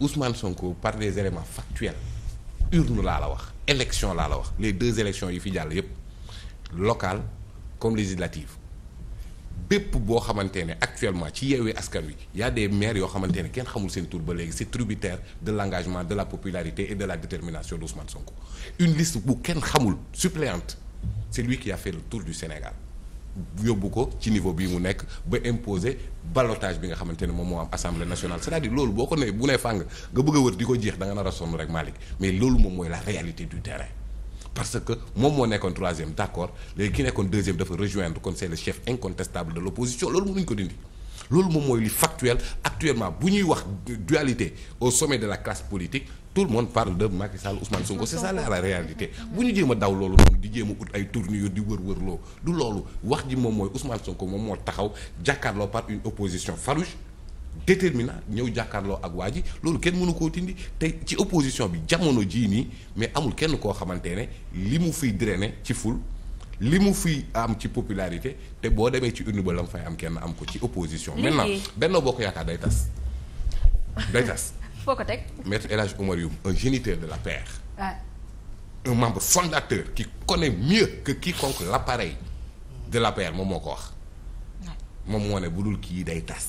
Ousmane Sonko par des éléments factuels urne laa la wax élection laa la wax les deux élections yi fi jàll yépp locale comme législative bépp boo xamante ne actuellement ci yeewee askan wi y a des maires yoo xamante ne kenn xamul seen tur ba léegi c'est tributaire de l'engagement de la popularité et de la détermination d'Ousmane Sonko une liste bu kenn xamul suppléante c'est lui qui a fait le tour du Sénégal yóbbu ko ci niveau bi mu nekk ba imposer ballottage bi nga xamante ne moom moo am assemblée nationale c'est-à-dire loolu boo ko nee bu nee fàng nga bëgg a wër di ko jeex da nga nar a sonn rek Malick mais loolu moom mooy la réalité du terrain. parce que moom moo nekkoon troisième d'accord léegi ki nekkoon deuxième dafa rejoindre kon c'est le chef incontestable de l'opposition loolu mënuñ ko dindi. loolu moom mooy li factuel actuellement bu ñuy wax dualité au sommet de la classe politique tout le monde parle de Macky Sall Ousmane Sonko c'est ça la réalité bu ñu jéem a daw loolu noonu di jéem ut ay tournure di wër-wër loo du loolu wax ji moom mooy Ousmane Sonko moom moo taxaw jàkkarloo par une opposition farouche déterminant ñëw jàkkaarloo ak waa ji loolu kenn mënu koo tindi te ci opposition bi jamono jii nii mais amul kenn koo xamante ne li mu fiy drainer ci ful li mu fiy am ci popularité te boo demee ci urne ba la mu fay am kenn am ko ci opposition. maintenant Benno Bokk Yaakaar day tas. foo ko teg. maître El Hadj Omar Youm géniteur de l'APR. Ah. un membre fondateur qui connaît mieux que quiconque l'appareil de l'APR moom moo ko wax. moom moo ne bu dul kii day tas.